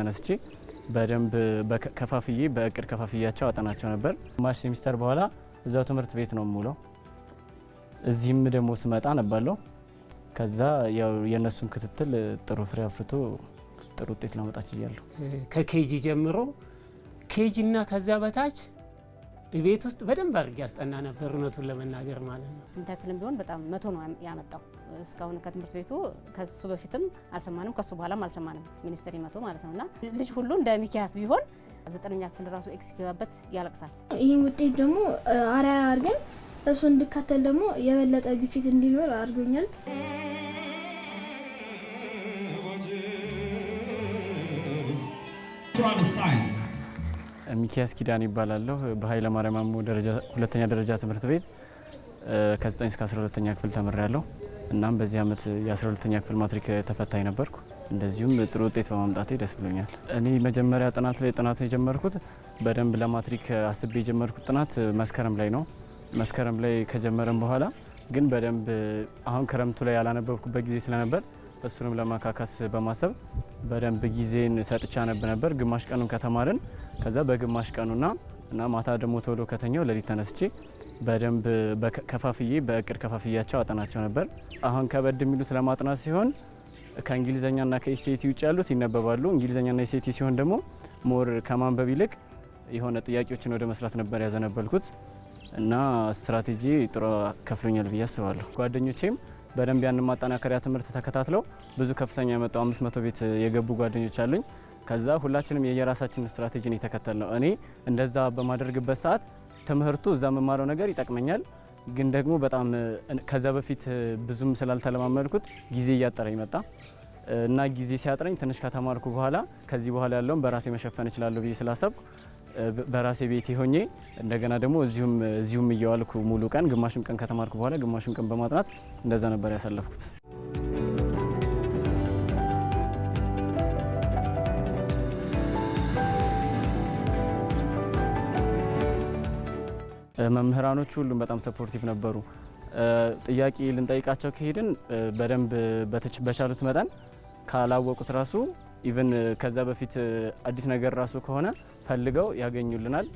ተነስቼ በደንብ ከፋፍዬ በእቅድ ከፋፍያቸው አጠናቸው ነበር። ማሽ ሴሚስተር በኋላ እዛው ትምህርት ቤት ነው የምውለው። እዚህም ደግሞ ስመጣ ነባለው። ከዛ የእነሱን ክትትል ጥሩ ፍሬ አፍርቶ ጥሩ ውጤት ላመጣች እያለሁ ከኬጂ ጀምሮ ኬጂ እና ከዛ በታች ቤት ውስጥ በደንብ አድርጌ ያስጠና ነበር፣ እውነቱን ለመናገር ማለት ነው። ስምንተኛ ክፍልም ቢሆን በጣም መቶ ነው ያመጣው። እስካሁን ከትምህርት ቤቱ ከሱ በፊትም አልሰማንም፣ ከሱ በኋላም አልሰማንም። ሚኒስትር መቶ ማለት ነው እና ልጅ ሁሉ እንደ ሚኪያስ ቢሆን ዘጠነኛ ክፍል ራሱ ኤክስ ገባበት ያለቅሳል። ይህን ውጤት ደግሞ አርያ አድርገን እሱ እንድካተል ደግሞ የበለጠ ግፊት እንዲኖር አድርጎኛል። ሳይንስ ሚኪያስ ኪዳን ይባላለሁ። በኃይለ ማርያም አምቦ ሁለተኛ ደረጃ ትምህርት ቤት ከ9 እስከ 12ኛ ክፍል ተምሬያለሁ። እናም በዚህ ዓመት የ12ኛ ክፍል ማትሪክ ተፈታኝ ነበርኩ። እንደዚሁም ጥሩ ውጤት በማምጣቴ ደስ ብሎኛል። እኔ መጀመሪያ ጥናት ላይ ጥናት የጀመርኩት በደንብ ለማትሪክ አስቤ የጀመርኩት ጥናት መስከረም ላይ ነው። መስከረም ላይ ከጀመረም በኋላ ግን በደንብ አሁን ክረምቱ ላይ ያላነበብኩበት ጊዜ ስለነበር እሱንም ለማካካስ በማሰብ በደንብ ጊዜን ሰጥቻ አነብ ነበር። ግማሽ ቀኑን ከተማርን ከዛ በግማሽ ቀኑና እና ማታ ደግሞ ቶሎ ከተኛው ለሊት ተነስቼ በደንብ ከፋፍዬ በእቅድ ከፋፍያቸው አጠናቸው ነበር። አሁን ከበድ የሚሉት ለማጥናት ሲሆን ከእንግሊዝኛና ከኢሴቲ ውጭ ያሉት ይነበባሉ። እንግሊዝኛና ኢሴቲ ሲሆን ደግሞ ሞር ከማንበብ ይልቅ የሆነ ጥያቄዎችን ወደ መስራት ነበር ያዘነበልኩት እና ስትራቴጂ ጥሩ ከፍሎኛል ብዬ አስባለሁ። ጓደኞቼም በደንብ ያን ማጠናከሪያ ትምህርት ተከታትለው ብዙ ከፍተኛ የመጣው 500 ቤት የገቡ ጓደኞች አሉኝ። ከዛ ሁላችንም የየራሳችን ስትራቴጂን የተከተል ነው። እኔ እንደዛ በማደርግበት ሰዓት ትምህርቱ እዛ መማረው ነገር ይጠቅመኛል ግን ደግሞ በጣም ከዛ በፊት ብዙም ስላልተለማመድኩት ጊዜ እያጠረኝ መጣ እና ጊዜ ሲያጥረኝ ትንሽ ከተማርኩ በኋላ ከዚህ በኋላ ያለውን በራሴ መሸፈን እችላለሁ ብዬ ስላሰብኩ በራሴ ቤቴ ሆኜ እንደገና ደግሞ እዚሁም እዚሁም እየዋልኩ ሙሉ ቀን ግማሽን ቀን ከተማርኩ በኋላ ግማሹን ቀን በማጥናት እንደዛ ነበር ያሳለፍኩት። መምህራኖቹ ሁሉም በጣም ሰፖርቲቭ ነበሩ። ጥያቄ ልንጠይቃቸው ከሄድን በደንብ በቻሉት መጠን ካላወቁት ራሱ ኢቨን ከዛ በፊት አዲስ ነገር ራሱ ከሆነ ፈልገው ያገኙልናል።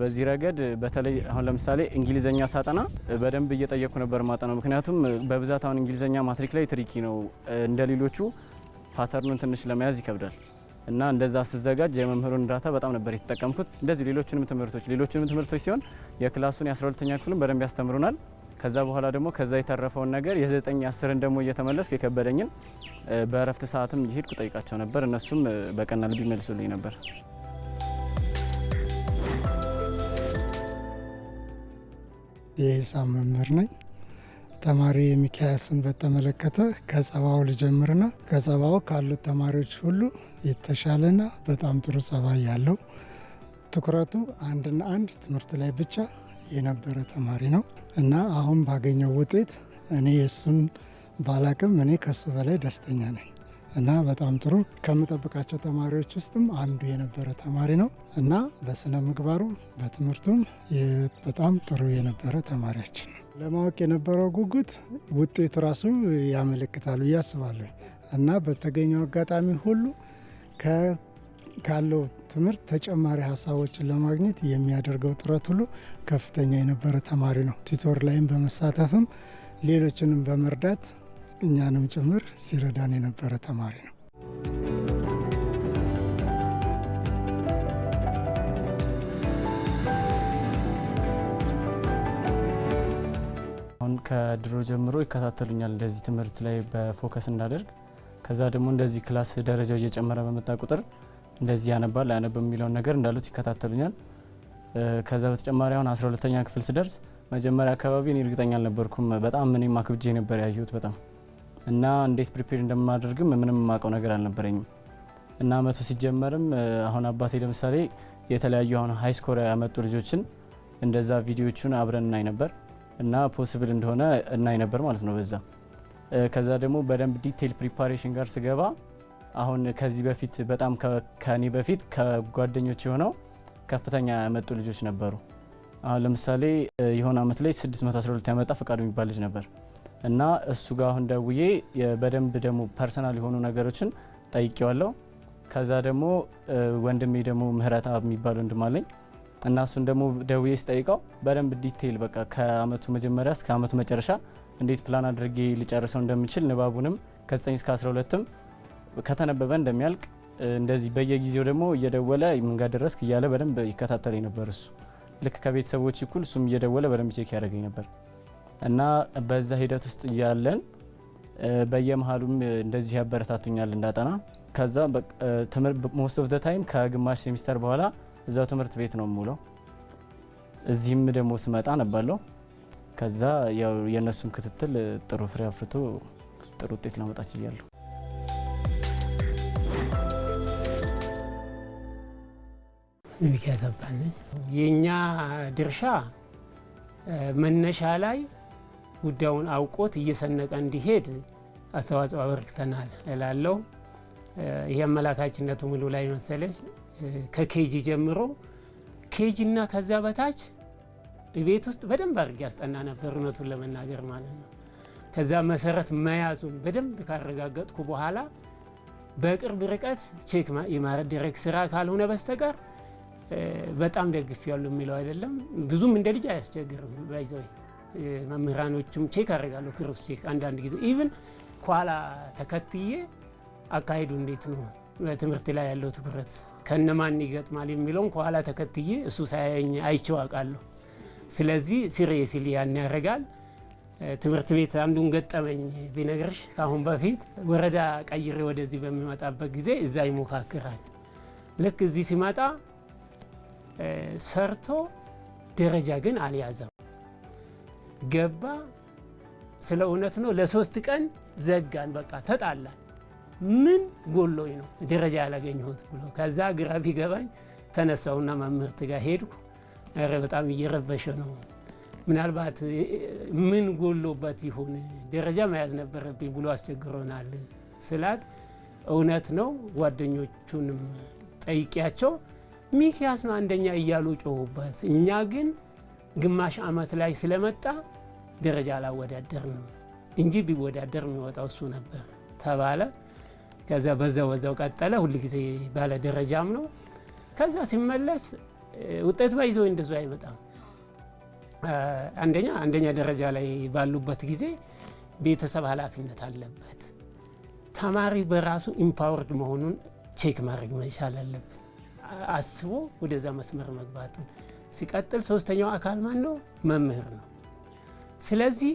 በዚህ ረገድ በተለይ አሁን ለምሳሌ እንግሊዘኛ ሳጠና በደንብ እየጠየኩ ነበር ማጠናው። ምክንያቱም በብዛት አሁን እንግሊዘኛ ማትሪክ ላይ ትሪኪ ነው፣ እንደ ሌሎቹ ፓተርኑን ትንሽ ለመያዝ ይከብዳል እና እንደዛ ስዘጋጅ የመምህሩን እርዳታ በጣም ነበር የተጠቀምኩት። እንደዚሁ ሌሎችንም ትምህርቶች ሌሎችንም ትምህርቶች ሲሆን የክላሱን የ12ተኛ ክፍልም በደንብ ያስተምሩናል። ከዛ በኋላ ደግሞ ከዛ የተረፈውን ነገር የዘጠኝ አስርን ደግሞ እየተመለስኩ የከበደኝን በእረፍት ሰዓትም እየሄድኩ ጠይቃቸው ነበር። እነሱም በቀና ልብ ይመልሱልኝ ነበር። የሂሳብ መምህር ነኝ። ተማሪ ሚክያስን በተመለከተ ከጸባው ልጀምርና ከጸባው ካሉት ተማሪዎች ሁሉ የተሻለና በጣም ጥሩ ጸባይ ያለው ትኩረቱ አንድና አንድ ትምህርት ላይ ብቻ የነበረ ተማሪ ነው እና አሁን ባገኘው ውጤት እኔ የእሱን ባላቅም እኔ ከሱ በላይ ደስተኛ ነኝ። እና በጣም ጥሩ ከምጠብቃቸው ተማሪዎች ውስጥም አንዱ የነበረ ተማሪ ነው እና በስነ ምግባሩም በትምህርቱም በጣም ጥሩ የነበረ ተማሪያችን ነው። ለማወቅ የነበረው ጉጉት ውጤቱ ራሱ ያመለክታል ብዬ አስባለሁ እና በተገኘው አጋጣሚ ሁሉ ካለው ትምህርት ተጨማሪ ሀሳቦችን ለማግኘት የሚያደርገው ጥረት ሁሉ ከፍተኛ የነበረ ተማሪ ነው። ቲቶር ላይም በመሳተፍም ሌሎችንም በመርዳት እኛንም ጭምር ሲረዳን የነበረ ተማሪ ነው። አሁን ከድሮ ጀምሮ ይከታተሉኛል እንደዚህ ትምህርት ላይ በፎከስ እንዳደርግ። ከዛ ደግሞ እንደዚህ ክላስ ደረጃው እየጨመረ በመጣ ቁጥር እንደዚህ ያነባል አያነብ የሚለውን ነገር እንዳሉት ይከታተሉኛል። ከዛ በተጨማሪ አሁን 12 ሁለተኛ ክፍል ስደርስ መጀመሪያ አካባቢ እኔ እርግጠኛ አልነበርኩም። በጣም እኔም አክብጄ ነበር ያየሁት በጣም እና እንዴት ፕሪፔር እንደማደርግም ምንም የማውቀው ነገር አልነበረኝም። እና አመቱ ሲጀመርም አሁን አባቴ ለምሳሌ የተለያዩ አሁን ሀይ ስኮር ያመጡ ልጆችን እንደዛ ቪዲዮቹን አብረን እናይ ነበር እና ፖስብል እንደሆነ እናይ ነበር ማለት ነው። በዛ ከዛ ደግሞ በደንብ ዲቴል ፕሪፓሬሽን ጋር ስገባ አሁን ከዚህ በፊት በጣም ከኔ በፊት ከጓደኞች የሆነው ከፍተኛ ያመጡ ልጆች ነበሩ። አሁን ለምሳሌ የሆነ አመት ላይ 612 ያመጣ ፈቃዱ የሚባል ልጅ ነበር። እና እሱ ጋር አሁን ደውዬ በደንብ ደግሞ ፐርሰናል የሆኑ ነገሮችን ጠይቄዋለሁ። ከዛ ደግሞ ወንድሜ ደግሞ ምህረታ የሚባል ወንድም አለኝ እና እሱን ደግሞ ደውዬ ስጠይቀው በደንብ ዲቴይል በቃ ከአመቱ መጀመሪያ እስከ አመቱ መጨረሻ እንዴት ፕላን አድርጌ ሊጨርሰው እንደምችል ንባቡንም ከ9 እስከ 12ም ከተነበበ እንደሚያልቅ እንደዚህ በየጊዜው ደግሞ እየደወለ ምንጋ ደረስክ እያለ በደንብ ይከታተለኝ ነበር። እሱ ልክ ከቤተሰቦች እኩል እሱም እየደወለ በደንብ ቼክ ያደረገኝ ነበር። እና በዛ ሂደት ውስጥ እያለን በየመሀሉም እንደዚህ ያበረታቱኛል እንዳጠና። ከዛ ሞስት ኦፍ ደ ታይም ከግማሽ ሴሚስተር በኋላ እዛው ትምህርት ቤት ነው የምውለው። እዚህም ደግሞ ስመጣ ነባለው። ከዛ ያው የእነሱም ክትትል ጥሩ ፍሬ አፍርቶ ጥሩ ውጤት ለመጣች እያለሁ ሚካኤል የእኛ ድርሻ መነሻ ላይ ጉዳዩን አውቆት እየሰነቀ እንዲሄድ አስተዋጽኦ አበርክተናል እላለሁ። ይህ አመላካችነቱ ምሉ ላይ መሰለች ከኬጂ ጀምሮ ኬጂና ከዛ በታች ቤት ውስጥ በደንብ አድርጌ ያስጠና ነበር፣ እውነቱን ለመናገር ማለት ነው። ከዛ መሰረት መያዙን በደንብ ካረጋገጥኩ በኋላ በቅርብ ርቀት ቼክ የማረድ ስራ ካልሆነ በስተቀር በጣም ደግፍ ያሉ የሚለው አይደለም ብዙም እንደ ልጅ አያስቸግርም ባይዘወይ መምህራኖችም ቼክ አደርጋለሁ። ክሮስ ቼክ አንዳንድ ጊዜ ኢቭን ኋላ ተከትዬ አካሄዱ እንዴት ነው፣ በትምህርት ላይ ያለው ትኩረት ከነማን ይገጥማል የሚለውን ከኋላ ተከትዬ እሱ ሳያየኝ አይቼው አውቃለሁ። ስለዚህ ሲሪየስሊ ያን ያደርጋል። ትምህርት ቤት አንዱን ገጠመኝ ቢነግርሽ ከአሁን በፊት ወረዳ ቀይሬ ወደዚህ በሚመጣበት ጊዜ እዛ ይሞካክራል። ልክ እዚህ ሲመጣ ሰርቶ ደረጃ ግን አልያዘም። ገባ። ስለ እውነት ነው። ለሶስት ቀን ዘጋን። በቃ ተጣላን። ምን ጎሎኝ ነው ደረጃ ያላገኘሁት ብሎ ከዛ ግራ ቢገባኝ ተነሳውና መምህርት ጋር ሄድኩ። ኧረ በጣም እየረበሸ ነው ምናልባት ምን ጎሎበት ይሆን ደረጃ መያዝ ነበረብኝ ብሎ አስቸግሮናል ስላት፣ እውነት ነው ጓደኞቹንም ጠይቂያቸው ሚኪያስ ነው አንደኛ እያሉ ጮሁበት። እኛ ግን ግማሽ ዓመት ላይ ስለመጣ ደረጃ አላወዳደርንም እንጂ ቢወዳደር የሚወጣው እሱ ነበር ተባለ። ከዚያ በዛው በዛው ቀጠለ። ሁልጊዜ ባለ ደረጃም ነው። ከዛ ሲመለስ ውጤቱ ባይዘው እንደዙ አይመጣም። አንደኛ አንደኛ ደረጃ ላይ ባሉበት ጊዜ ቤተሰብ ኃላፊነት አለበት። ተማሪ በራሱ ኢምፓወርድ መሆኑን ቼክ ማድረግ መቻል አለበት። አስቦ ወደዛ መስመር መግባቱን ሲቀጥል፣ ሶስተኛው አካል ማን ነው? መምህር ነው። ስለዚህ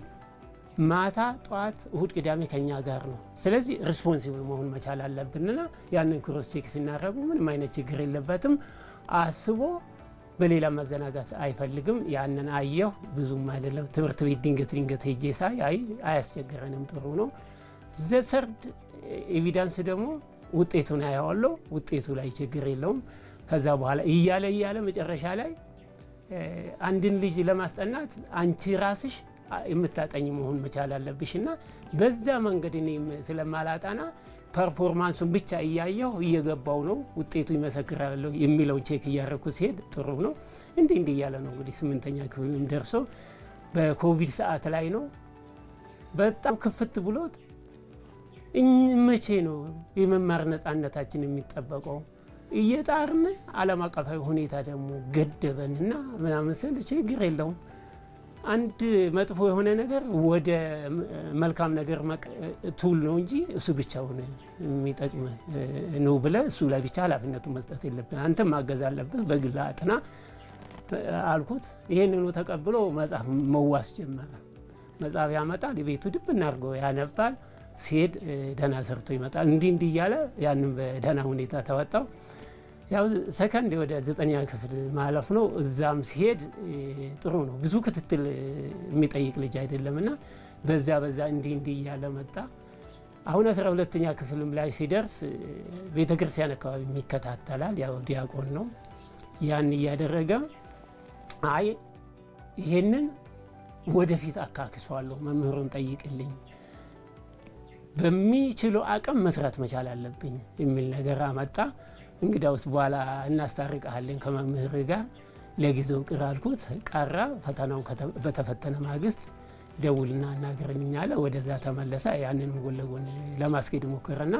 ማታ፣ ጠዋት፣ እሁድ፣ ቅዳሜ ከኛ ጋር ነው። ስለዚህ ሪስፖንሲብል መሆን መቻል አለብንና ያንን ክሮስ ቼክ ሲናረጉ ምንም አይነት ችግር የለበትም። አስቦ በሌላ መዘናጋት አይፈልግም። ያንን አየሁ ብዙም አይደለም። ትምህርት ቤት ድንገት ድንገት ሄጄ ሳይ አይ አያስቸግረንም፣ ጥሩ ነው። ዘሰርድ ኤቪዳንስ ደግሞ ውጤቱን አየዋለሁ ውጤቱ ላይ ችግር የለውም። ከዛ በኋላ እያለ እያለ መጨረሻ ላይ አንድን ልጅ ለማስጠናት አንቺ ራስሽ የምታጠኝ መሆን መቻል አለብሽ እና በዛ መንገድ እኔም ስለማላጣና ፐርፎርማንሱን ብቻ እያየው እየገባው ነው ውጤቱ ይመሰክራለሁ የሚለውን ቼክ እያደረግኩ ሲሄድ ጥሩ ነው። እንዲህ እንዲህ እያለ ነው እንግዲህ ስምንተኛ ክፍልም ደርሶ በኮቪድ ሰዓት ላይ ነው በጣም ክፍት ብሎት መቼ ነው የመማር ነፃነታችን የሚጠበቀው? እየጣርን ዓለም አቀፋዊ ሁኔታ ደግሞ ገደበንና ምናምን ስል ችግር የለውም አንድ መጥፎ የሆነ ነገር ወደ መልካም ነገር ቱል ነው እንጂ እሱ ብቻውን የሚጠቅም ነው ብለህ እሱ ላይ ብቻ ኃላፊነቱ መስጠት የለብን። አንተም ማገዝ አለብህ። በግል አጥና አልኩት። ይህንኑ ተቀብሎ መጽሐፍ መዋስ ጀመረ። መጽሐፍ ያመጣል፣ ቤቱ ድብ አድርጎ ያነባል። ሲሄድ ደህና ሰርቶ ይመጣል። እንዲህ እንዲህ እያለ ያንም በደህና ሁኔታ ተወጣው። ያው ሰከንድ ወደ ዘጠነኛ ክፍል ማለፍ ነው። እዛም ሲሄድ ጥሩ ነው። ብዙ ክትትል የሚጠይቅ ልጅ አይደለም እና በዛ በዛ እንዲህ እንዲህ እያለ መጣ። አሁን አስራ ሁለተኛ ክፍልም ላይ ሲደርስ ቤተ ክርስቲያን አካባቢ የሚከታተላል። ያው ዲያቆን ነው። ያን እያደረገ አይ ይሄንን ወደፊት አካክሷለሁ፣ መምህሩን ጠይቅልኝ በሚችለው አቅም መስራት መቻል አለብኝ የሚል ነገር አመጣ። እንግዳውስ በኋላ እናስታርቀሃለን ከመምህር ጋር ለጊዜው ቅር አልኩት። ቀራ። ፈተናውን በተፈተነ ማግስት ደውልና እናገረኝኛ አለ። ወደዛ ተመለሰ። ያንን ጎን ለጎን ለማስኬድ ሞከረና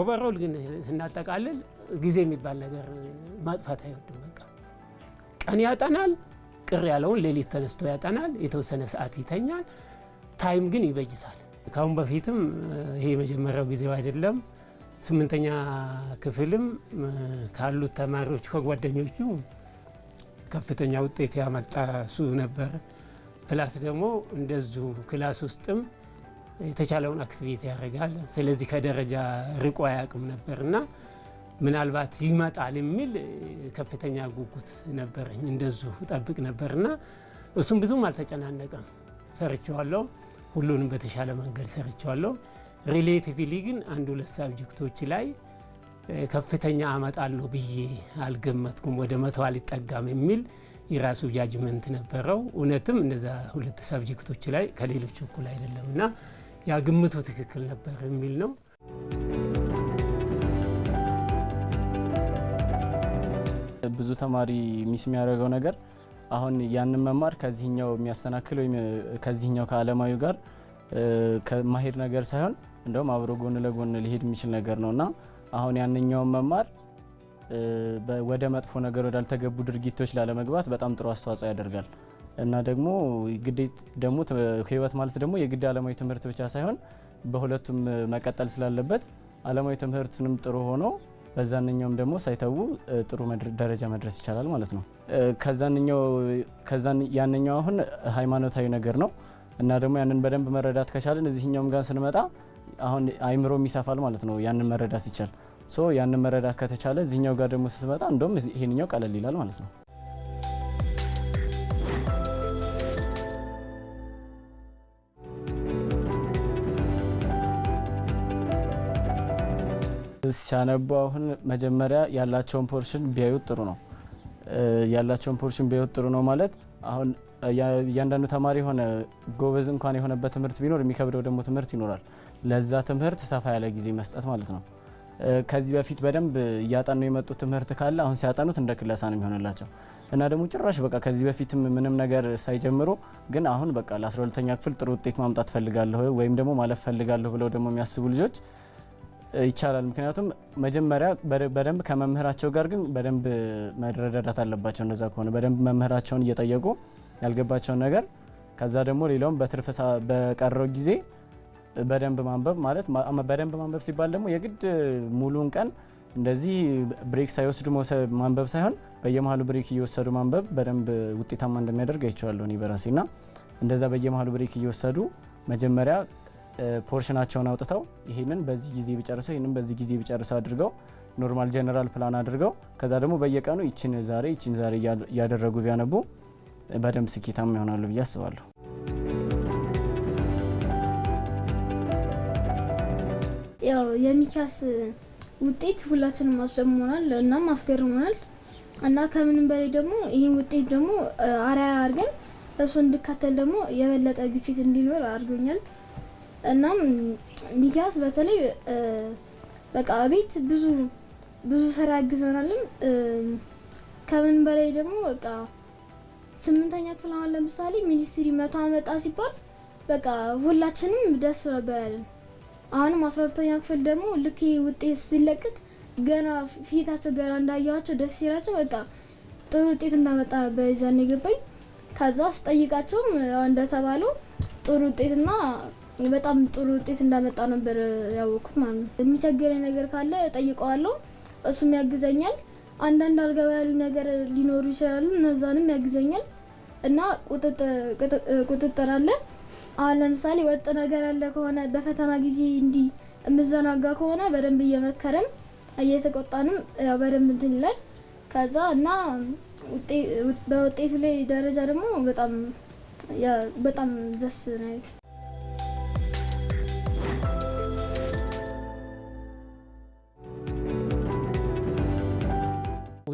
ኦቨሮል ግን ስናጠቃልል ጊዜ የሚባል ነገር ማጥፋት አይወድም። በቃ ቀን ያጠናል፣ ቅር ያለውን ሌሊት ተነስቶ ያጠናል። የተወሰነ ሰዓት ይተኛል። ታይም ግን ይበጅታል። ከአሁን በፊትም ይሄ የመጀመሪያው ጊዜው አይደለም። ስምንተኛ ክፍልም ካሉት ተማሪዎች ከጓደኞቹ ከፍተኛ ውጤት ያመጣ እሱ ነበር። ፕላስ ደግሞ እንደዙ ክላስ ውስጥም የተቻለውን አክቲቪቲ ያደርጋል። ስለዚህ ከደረጃ ርቆ አያውቅም ነበር እና ምናልባት ይመጣል የሚል ከፍተኛ ጉጉት ነበረኝ። እንደዙ ጠብቅ እና እሱም ብዙም አልተጨናነቀም። ሰርቼዋለሁ፣ ሁሉንም በተሻለ መንገድ ሰርቼዋለሁ። ሪሌቲቭሊ ግን አንድ ሁለት ሳብጀክቶች ላይ ከፍተኛ አመጣለሁ ብዬ አልገመትኩም። ወደ መቶ አልጠጋም የሚል የራሱ ጃጅመንት ነበረው። እውነትም እነዛ ሁለት ሳብጀክቶች ላይ ከሌሎች እኩል አይደለም እና ያ ግምቱ ትክክል ነበር የሚል ነው። ብዙ ተማሪ ሚስ የሚያደርገው ነገር አሁን ያንን መማር ከዚህኛው የሚያሰናክል ወይም ከዚህኛው ከአለማዊ ጋር ከማሄድ ነገር ሳይሆን እንደውም አብሮ ጎን ለጎን ሊሄድ የሚችል ነገር እና አሁን ያንኛውን መማር ወደ መጥፎ ነገር ወዳልተገቡ ድርጊቶች ላለመግባት በጣም ጥሩ አስተዋጽኦ ያደርጋል እና ደግሞ ግዴት ደግሞ ህይወት ማለት ደግሞ የግድ ዓለማዊ ትምህርት ብቻ ሳይሆን በሁለቱም መቀጠል ስላለበት ዓለማዊ ትምህርትንም ጥሩ ሆኖ በዛንኛውም ደግሞ ሳይተዉ ጥሩ ደረጃ መድረስ ይቻላል ማለት ነው። ከዛንኛው ያንኛው አሁን ሃይማኖታዊ ነገር ነው። እና ደግሞ ያንን በደንብ መረዳት ከቻለ እዚህኛውም ጋር ስንመጣ አሁን አይምሮ ይሰፋል ማለት ነው። ያንን መረዳት ሲቻል ሶ ያንን መረዳት ከተቻለ እዚህኛው ጋር ደግሞ ስትመጣ እንደውም ይሄንኛው ቀለል ይላል ማለት ነው። ሲያነቡ አሁን መጀመሪያ ያላቸውን ፖርሽን ቢያዩት ጥሩ ነው። ያላቸውን ፖርሽን ቢያዩት ጥሩ ነው ማለት አሁን እያንዳንዱ ተማሪ የሆነ ጎበዝ እንኳን የሆነበት ትምህርት ቢኖር የሚከብደው ደግሞ ትምህርት ይኖራል። ለዛ ትምህርት ሰፋ ያለ ጊዜ መስጠት ማለት ነው። ከዚህ በፊት በደንብ እያጠኑ የመጡት ትምህርት ካለ አሁን ሲያጠኑት እንደ ክለሳ ነው የሚሆንላቸው እና ደግሞ ጭራሽ በቃ ከዚህ በፊትም ምንም ነገር ሳይጀምሩ ግን አሁን በቃ ለ12ተኛ ክፍል ጥሩ ውጤት ማምጣት ፈልጋለሁ ወይም ደግሞ ማለፍ ፈልጋለሁ ብለው ደግሞ የሚያስቡ ልጆች ይቻላል። ምክንያቱም መጀመሪያ በደንብ ከመምህራቸው ጋር ግን በደንብ መረዳዳት አለባቸው። እንደዛ ከሆነ በደንብ መምህራቸውን እየጠየቁ ያልገባቸውን ነገር ከዛ ደግሞ ሌላውም በትርፍ በቀረው ጊዜ በደንብ ማንበብ ማለት በደንብ ማንበብ ሲባል ደግሞ የግድ ሙሉን ቀን እንደዚህ ብሬክ ሳይወስዱ ማንበብ ሳይሆን በየመሀሉ ብሬክ እየወሰዱ ማንበብ በደንብ ውጤታማ እንደሚያደርግ አይቼዋለሁ እኔ በራሴ እና እንደዛ በየመሀሉ ብሬክ እየወሰዱ መጀመሪያ ፖርሽናቸውን አውጥተው ይህንን በዚህ ጊዜ ቢጨርሰው ይህንን በዚህ ጊዜ ቢጨርሰው አድርገው ኖርማል ጀነራል ፕላን አድርገው ከዛ ደግሞ በየቀኑ ይችን ዛሬ ይችን ዛሬ እያደረጉ ቢያነቡ በደንብ ስኬታማ ይሆናሉ ብዬ አስባለሁ። ያው የሚኪያስ ውጤት ሁላችንም አስደምሞናል እና አስገርሞናል እና ከምንም በላይ ደግሞ ይህን ውጤት ደግሞ አርአያ አድርገን እሱ እንድካተል ደግሞ የበለጠ ግፊት እንዲኖር አድርጎኛል። እናም ሚኪያስ በተለይ በቃ ቤት ብዙ ብዙ ስራ ያግዘናልም ከምንም በላይ ደግሞ በቃ ስምንተኛ ክፍል አሁን ለምሳሌ ሚኒስትሪ መቶ አመጣ ሲባል በቃ ሁላችንም ደስ ነበር ያለን። አሁንም አስራ ሁለተኛ ክፍል ደግሞ ልክ ውጤት ሲለቀቅ ገና ፊታቸው ገና እንዳየኋቸው ደስ ሲላቸው በቃ ጥሩ ውጤት እንዳመጣ ነበር ይዛን የገባኝ። ከዛ ስጠይቃቸውም እንደተባለው ጥሩ ውጤትና በጣም ጥሩ ውጤት እንዳመጣ ነበር ያወቅኩት ማለት ነው። የሚቸግረኝ ነገር ካለ ጠይቀዋለሁ፣ እሱም ያግዘኛል። አንዳንድ አልጋ ያሉ ነገር ሊኖሩ ይችላሉ። እነዛንም ያግዘኛል እና ቁጥጥር አለ። አሁን ለምሳሌ ወጥ ነገር ያለ ከሆነ በፈተና ጊዜ እንዲህ የምዘናጋ ከሆነ በደንብ እየመከረም እየተቆጣንም ያው በደንብ እንትን ይላል። ከዛ እና በውጤቱ ላይ ደረጃ ደግሞ በጣም በጣም ደስ ነው።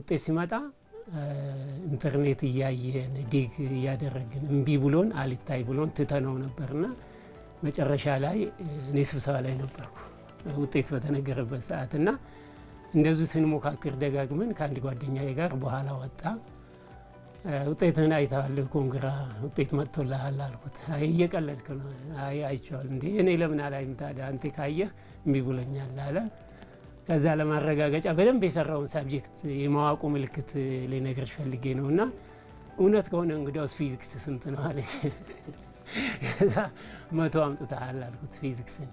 ውጤት ሲመጣ ኢንተርኔት እያየን ዲግ እያደረግን እምቢ ብሎን አልታይ ብሎን ትተነው ነበርና መጨረሻ ላይ እኔ ስብሰባ ላይ ነበርኩ ውጤት በተነገረበት ሰዓት እና እንደዚሁ ስንሞካክር ደጋግመን ከአንድ ጓደኛዬ ጋር በኋላ ወጣ። ውጤትህን አይተሃል፣ ኮንግራ ውጤት መጥቶልሃል አልኩት። አይ እየቀለድክ ነው። አይ አይቼዋለሁ። እንዴ እኔ ለምን አላይም ታዲያ አንተ ካየህ እምቢ ብሎኛል አለ። ለዛ ለማረጋገጫ በደንብ የሰራውን ሳብጀክት የማዋቁ ምልክት ልነግርሽ ፈልጌ ነው እና እውነት ከሆነ እንግዲያውስ ፊዚክስ ስንት ነው አለ። ከዛ መቶ አምጥተሃል አልኩት ፊዚክስን።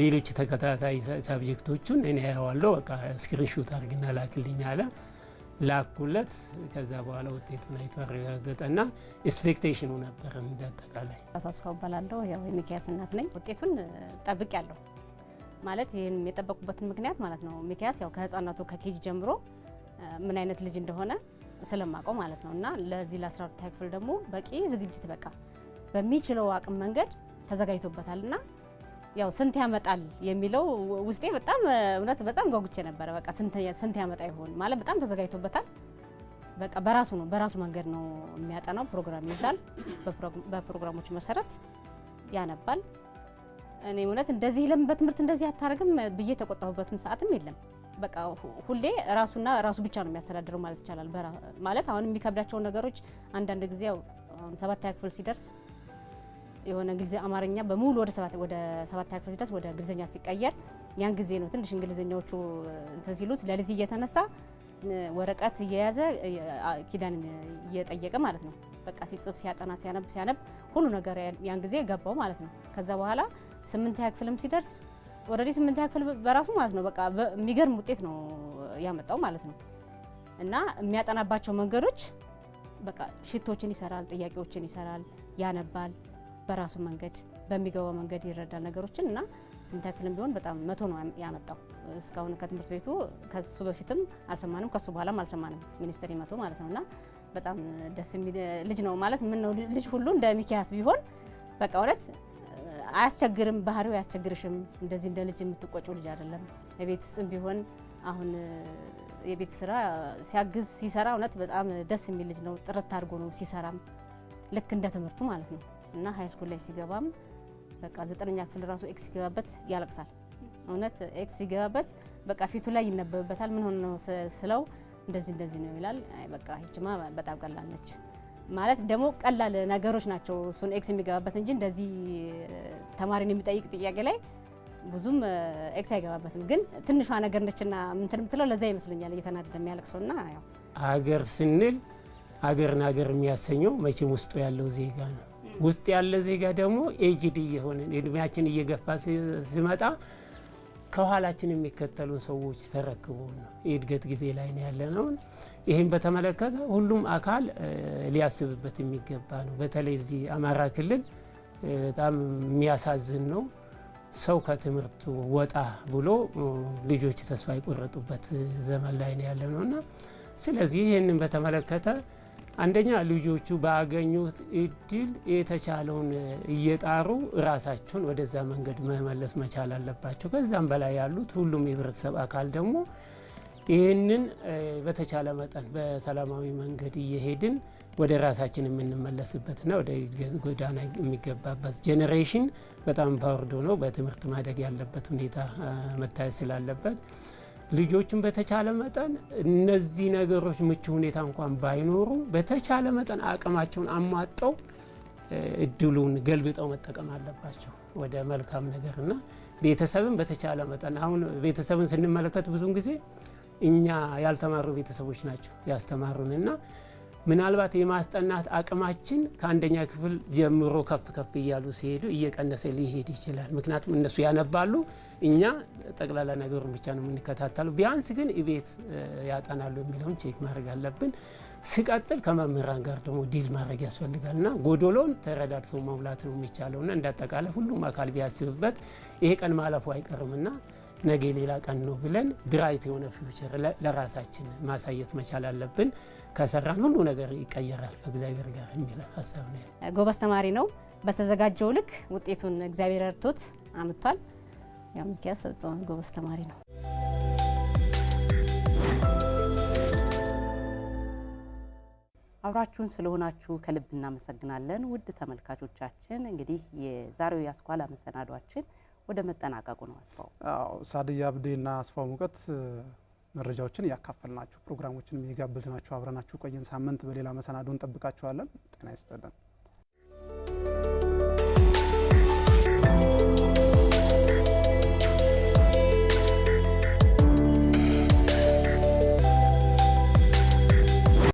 ሌሎች ተከታታይ ሳብጀክቶቹን እኔ ያየዋለሁ፣ በቃ ስክሪንሹት አድርግና ላክልኝ አለ። ላኩለት። ከዛ በኋላ ውጤቱን አይቶ አረጋገጠና ኤክስፔክቴሽኑ ነበር እንዳጠቃላይ። አቶ አስፋው እባላለሁ። ያው የሚኪያስ እናት ነኝ። ውጤቱን ጠብቅ ያለው? ማለት ይህን የጠበቁበትን ምክንያት ማለት ነው። ሚኪያስ ያው ከህፃናቱ ከኬጅ ጀምሮ ምን አይነት ልጅ እንደሆነ ስለማቀው ማለት ነው እና ለዚህ ለአስራ ሁለተኛ ክፍል ደግሞ በቂ ዝግጅት በቃ በሚችለው አቅም መንገድ ተዘጋጅቶበታል እና ያው ስንት ያመጣል የሚለው ውስጤ በጣም እውነት በጣም ጓጉቼ ነበረ። በቃ ስንት ያመጣ ይሆን ማለት በጣም ተዘጋጅቶበታል። በቃ በራሱ ነው በራሱ መንገድ ነው የሚያጠናው። ፕሮግራም ይይዛል፣ በፕሮግራሞች መሰረት ያነባል። እኔ እውነት እንደዚህ ለምን በትምህርት እንደዚህ አታደርግም ብዬ ተቆጣሁበትም ሰዓትም የለም። በቃ ሁሌ ራሱና ራሱ ብቻ ነው የሚያስተዳድረው ማለት ይቻላል። ማለት አሁን የሚከብዳቸውን ነገሮች አንዳንድ ጊዜ አሁን ሰባተኛ ክፍል ሲደርስ የሆነ ጊዜ አማርኛ በሙሉ ወደ ሰባት ወደ ሰባተኛ ክፍል ሲደርስ ወደ እንግሊዝኛ ሲቀየር ያን ጊዜ ነው ትንሽ እንግሊዝኛዎቹ እንትን ሲሉት እየተነሳ ወረቀት እየያዘ ኪዳን እየጠየቀ ማለት ነው። በቃ ሲጽፍ፣ ሲያጠና፣ ሲያነብ ሲያነብ ሁሉ ነገር ያን ጊዜ ገባው ማለት ነው። ከዛ በኋላ ስምንተኛ ክፍልም ሲደርስ ኦልሬዲ ስምንተኛ ክፍል በራሱ ማለት ነው በቃ የሚገርም ውጤት ነው ያመጣው ማለት ነው። እና የሚያጠናባቸው መንገዶች በቃ ሽቶችን ይሰራል፣ ጥያቄዎችን ይሰራል፣ ያነባል በራሱ መንገድ በሚገባው መንገድ ይረዳል ነገሮችን እና ስምንተኛ ክፍልም ቢሆን በጣም መቶ ነው ያመጣው። እስካሁን ከትምህርት ቤቱ ከሱ በፊትም አልሰማንም፣ ከሱ በኋላም አልሰማንም ሚኒስትሪ መቶ ማለት ነው እና በጣም ደስ የሚል ልጅ ነው ማለት ምን ነው ልጅ ሁሉ እንደ ሚኪያስ ቢሆን በቃ እውነት አያስቸግርም፣ ባህሪው አያስቸግርሽም። እንደዚህ እንደ ልጅ የምትቆጩ ልጅ አይደለም። የቤት ውስጥም ቢሆን አሁን የቤት ስራ ሲያግዝ ሲሰራ እውነት በጣም ደስ የሚል ልጅ ነው። ጥርት አድርጎ ነው ሲሰራም ልክ እንደ ትምህርቱ ማለት ነው እና ሀይስኩል ላይ ሲገባም በቃ ዘጠነኛ ክፍል ራሱ ኤክስ ሲገባበት ያለቅሳል። እውነት ኤክስ ሲገባበት በቃ ፊቱ ላይ ይነበብበታል። ምን ሆነ ነው ስለው እንደዚህ እንደዚህ ነው ይላል። በቃ ይችማ በጣም ቀላል ነች። ማለት ደግሞ ቀላል ነገሮች ናቸው። እሱን ኤክስ የሚገባበት እንጂ እንደዚህ ተማሪን የሚጠይቅ ጥያቄ ላይ ብዙም ኤክስ አይገባበትም። ግን ትንሿ ነገር ነችና ምንትን ምትለው ለዛ ይመስለኛል እየተናደደ የሚያለቅሰው ያው አገር ስንል አገርን አገር የሚያሰኘው መቼም ውስጡ ያለው ዜጋ ነው። ውስጥ ያለ ዜጋ ደግሞ ኤጅድ እየሆነ እድሜያችን እየገፋ ሲመጣ ከኋላችን የሚከተሉን ሰዎች ተረክቦ ነው የእድገት ጊዜ ላይ ነው ያለነውን ይህም በተመለከተ ሁሉም አካል ሊያስብበት የሚገባ ነው። በተለይ እዚህ አማራ ክልል በጣም የሚያሳዝን ነው። ሰው ከትምህርቱ ወጣ ብሎ ልጆች ተስፋ የቆረጡበት ዘመን ላይ ነው ያለ ነው እና ስለዚህ ይህንን በተመለከተ አንደኛ ልጆቹ ባገኙት እድል የተቻለውን እየጣሩ ራሳቸውን ወደዛ መንገድ መመለስ መቻል አለባቸው። ከዛም በላይ ያሉት ሁሉም የህብረተሰብ አካል ደግሞ ይህንን በተቻለ መጠን በሰላማዊ መንገድ እየሄድን ወደ ራሳችን የምንመለስበትና ወደ ጎዳና የሚገባበት ጄኔሬሽን በጣም ፓወርዶ ነው። በትምህርት ማደግ ያለበት ሁኔታ መታየት ስላለበት ልጆችን በተቻለ መጠን እነዚህ ነገሮች ምቹ ሁኔታ እንኳን ባይኖሩ በተቻለ መጠን አቅማቸውን አሟጠው እድሉን ገልብጠው መጠቀም አለባቸው ወደ መልካም ነገርና ቤተሰብን በተቻለ መጠን አሁን ቤተሰብን ስንመለከት ብዙን ጊዜ እኛ ያልተማሩ ቤተሰቦች ናቸው ያስተማሩንና ምናልባት የማስጠናት አቅማችን ከአንደኛ ክፍል ጀምሮ ከፍ ከፍ እያሉ ሲሄዱ እየቀነሰ ሊሄድ ይችላል። ምክንያቱም እነሱ ያነባሉ፣ እኛ ጠቅላላ ነገሩን ብቻ ነው የምንከታተሉ። ቢያንስ ግን እቤት ያጠናሉ የሚለውን ቼክ ማድረግ አለብን። ሲቀጥል ከመምህራን ጋር ደግሞ ዲል ማድረግ ያስፈልጋልና ጎዶሎን ተረዳድቶ መሙላት ነው የሚቻለውና እንደ አጠቃላይ ሁሉም አካል ቢያስብበት ይሄ ቀን ማለፉ አይቀርምና ነገ ሌላ ቀን ነው ብለን ብራይት የሆነ ፊውቸር ለራሳችን ማሳየት መቻል አለብን። ከሰራን ሁሉ ነገር ይቀየራል ከእግዚአብሔር ጋር የሚል ሀሳብ ነው። ጎበዝ ተማሪ ነው። በተዘጋጀው ልክ ውጤቱን እግዚአብሔር እርቶት አምጥቷል። ያው ሚኪያስ በጣም ጎበዝ ተማሪ ነው። አብራችሁን ስለሆናችሁ ከልብ እናመሰግናለን። ውድ ተመልካቾቻችን እንግዲህ የዛሬው የአስኳላ መሰናዷችን ወደ መጠናቀቁ ነው። አስፋው አዎ፣ ሳድያ አብዴና አስፋው ሙቀት መረጃዎችን እያካፈልናችሁ ፕሮግራሞችን የጋበዝናችሁ አብረናችሁ ቆየን። ሳምንት በሌላ መሰናዶ እንጠብቃችኋለን። ጤና ይስጥልን።